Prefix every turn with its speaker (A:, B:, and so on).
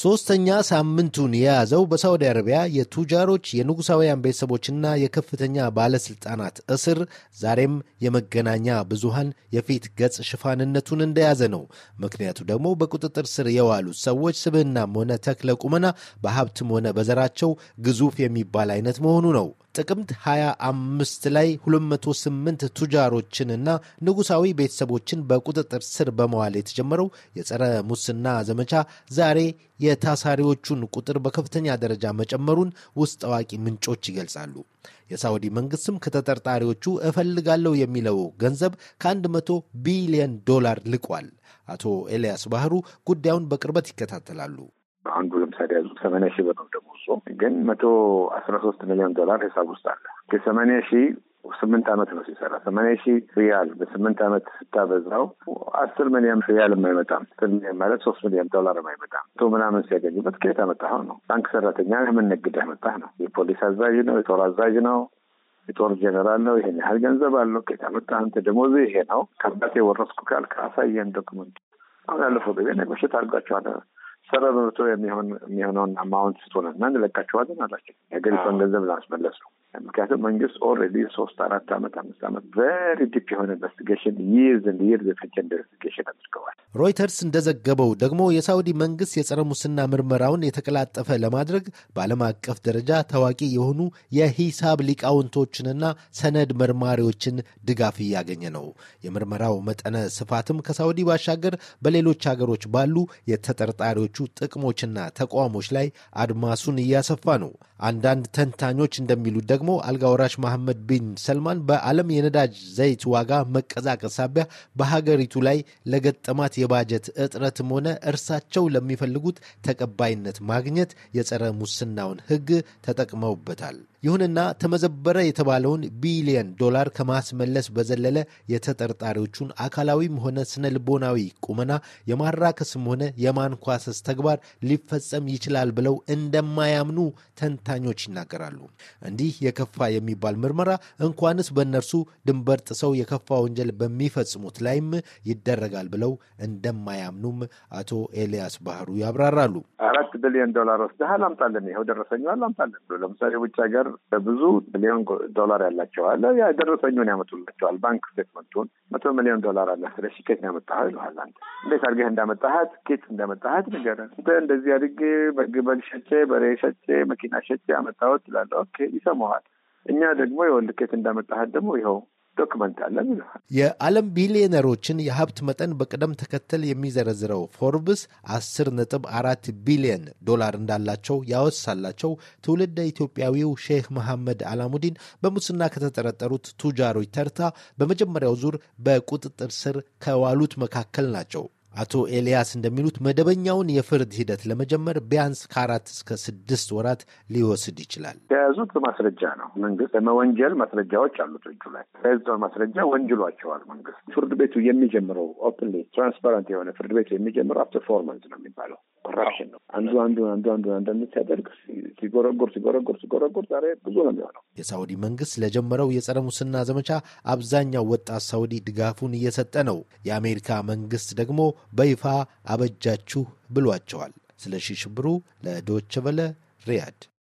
A: ሶስተኛ ሳምንቱን የያዘው በሳውዲ አረቢያ የቱጃሮች የንጉሳውያን ቤተሰቦችና የከፍተኛ ባለስልጣናት እስር ዛሬም የመገናኛ ብዙሃን የፊት ገጽ ሽፋንነቱን እንደያዘ ነው። ምክንያቱ ደግሞ በቁጥጥር ስር የዋሉት ሰዎች ስብህናም ሆነ ተክለ ቁመና በሀብትም ሆነ በዘራቸው ግዙፍ የሚባል አይነት መሆኑ ነው። ጥቅምት 25 ላይ 208 ቱጃሮችንና ንጉሳዊ ቤተሰቦችን በቁጥጥር ስር በመዋል የተጀመረው የጸረ ሙስና ዘመቻ ዛሬ የታሳሪዎቹን ቁጥር በከፍተኛ ደረጃ መጨመሩን ውስጥ አዋቂ ምንጮች ይገልጻሉ። የሳውዲ መንግስትም ከተጠርጣሪዎቹ እፈልጋለሁ የሚለው ገንዘብ ከ100 ቢሊዮን ዶላር ልቋል። አቶ ኤልያስ ባህሩ ጉዳዩን በቅርበት ይከታተላሉ።
B: አንዱ ለምሳሌ ያዙት ሰማንያ ሺህ ብር ነው ደሞዙ፣ ግን መቶ አስራ ሶስት ሚሊዮን ዶላር ሂሳብ ውስጥ አለ። ከሰማንያ ሺህ ስምንት አመት ነው ሲሰራ ሰማንያ ሺህ ሪያል በስምንት አመት ስታበዛው አስር ሚሊዮን ሪያል የማይመጣም አስር ሚሊዮን ማለት ሶስት ሚሊዮን ዶላር የማይመጣም ቶ ምናምን ሲያገኝበት ከየት አመጣኸው ነው? ባንክ ሰራተኛ የምንነግድ ያመጣህ ነው። የፖሊስ አዛዥ ነው፣ የጦር አዛዥ ነው፣ የጦር ጀኔራል ነው። ይሄን ያህል ገንዘብ አለው። ከየት አመጣህ አንተ? ደሞዝ ይሄ ነው። ከአባቴ ወረስኩ ካልክ አሳየን ዶክመንት። አሁን ያለፈው ጊዜ ነጎሽት አድርጓቸዋል ሰበብ መቶ የሚሆነውን አማውንት ስትሆነ እና እንለቃቸዋለን አላቸው። የሀገሪቷን ገንዘብ ላስመለስ ነው። ምክንያቱም መንግስት ኦልሬዲ ሶስት አራት አመት አምስት አመት ቨሪ ዲፕ የሆነ ኢንቨስቲጌሽን ይርዝ ይርዝ የፈጀ ኢንቨስቲጌሽን አድርገዋል።
A: ሮይተርስ እንደዘገበው ደግሞ የሳውዲ መንግስት የጸረ ሙስና ምርመራውን የተቀላጠፈ ለማድረግ በዓለም አቀፍ ደረጃ ታዋቂ የሆኑ የሂሳብ ሊቃውንቶችንና ሰነድ መርማሪዎችን ድጋፍ እያገኘ ነው። የምርመራው መጠነ ስፋትም ከሳውዲ ባሻገር በሌሎች ሀገሮች ባሉ የተጠርጣሪዎቹ ጥቅሞችና ተቋሞች ላይ አድማሱን እያሰፋ ነው። አንዳንድ ተንታኞች እንደሚሉት ደግሞ አልጋ ወራሽ መሐመድ ቢን ሰልማን በዓለም የነዳጅ ዘይት ዋጋ መቀዛቀዝ ሳቢያ በሀገሪቱ ላይ ለገጠማት የባጀት እጥረትም ሆነ እርሳቸው ለሚፈልጉት ተቀባይነት ማግኘት የጸረ ሙስናውን ሕግ ተጠቅመውበታል። ይሁንና ተመዘበረ የተባለውን ቢሊየን ዶላር ከማስመለስ በዘለለ የተጠርጣሪዎቹን አካላዊም ሆነ ስነ ልቦናዊ ቁመና የማራከስም ሆነ የማንኳሰስ ተግባር ሊፈጸም ይችላል ብለው እንደማያምኑ ተንታኞች ይናገራሉ። እንዲህ የከፋ የሚባል ምርመራ እንኳንስ በእነርሱ ድንበር ጥሰው የከፋ ወንጀል በሚፈጽሙት ላይም ይደረጋል ብለው እንደማያምኑም አቶ ኤልያስ ባህሩ ያብራራሉ።
B: አራት ቢሊዮን ዶላር ወስደሃል አላምጣለን፣ ይኸው ደረሰኛ አላምጣለን። ለምሳሌ ውጭ ሀገር ዶላር በብዙ ሚሊዮን ዶላር ያላቸዋለ ያ ደረሰኙን ያመጡላቸዋል። ባንክ ስቴትመንቱን መቶ ሚሊዮን ዶላር አለ። ስለሽ ኬት ያመጣ ይለዋል። ይልሃል። አንተ እንዴት አድርገህ እንዳመጣሀት ኬት እንዳመጣሀት ንገረን። እንተ እንደዚህ አድርጌ በግ ሸጬ፣ በሬ ሸጬ፣ መኪና ሸጬ አመጣሁት ትላለህ። ኦኬ ይሰማዋል። እኛ ደግሞ የወልድ ኬት እንዳመጣሀት ደግሞ ይኸው ዶክመንት አለን ይለዋል።
A: የዓለም ቢሊዮነሮችን የሀብት መጠን በቅደም ተከተል የሚዘረዝረው ፎርብስ አስር ነጥብ አራት ቢሊየን ዶላር እንዳላቸው ያወሳላቸው ትውልደ ኢትዮጵያዊው ሼህ መሐመድ አላሙዲን በሙስና ከተጠረጠሩት ቱጃሮች ተርታ በመጀመሪያው ዙር በቁጥጥር ስር ከዋሉት መካከል ናቸው። አቶ ኤልያስ እንደሚሉት መደበኛውን የፍርድ ሂደት ለመጀመር ቢያንስ ከአራት እስከ ስድስት ወራት ሊወስድ ይችላል።
B: የያዙት ማስረጃ ነው። መንግስት ለመወንጀል ማስረጃዎች አሉት እጁ ላይ ከያዙት ማስረጃ ወንጅሏቸዋል። መንግስት ፍርድ ቤቱ የሚጀምረው ኦፕንሊ ትራንስፓረንት የሆነ ፍርድ ቤቱ የሚጀምረው አፍተር ፎር መንዝ ነው የሚባለው ኮራፕሽን ነው። አንዱ አንዱ አንዱ አንዱ አንዳንዱ ሲያደርግ ሲጎረጎር ሲጎረጎር ሲጎረጎር ዛሬ ብዙ ነው የሚሆነው።
A: የሳውዲ መንግስት ለጀመረው የጸረ ሙስና ዘመቻ አብዛኛው ወጣት ሳውዲ ድጋፉን እየሰጠ ነው። የአሜሪካ መንግስት ደግሞ በይፋ አበጃችሁ ብሏቸዋል። ስለሺ ሽብሩ ለዶቸበለ ሪያድ